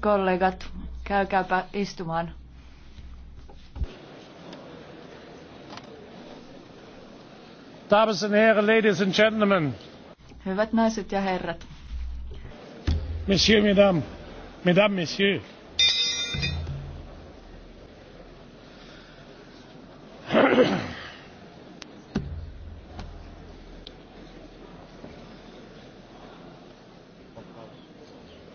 Kollegat, käykääpä istumaan. Damen and Herren, ladies and gentlemen. Hyvät naiset ja herrat. Monsieur, mesdames, mesdames, messieurs.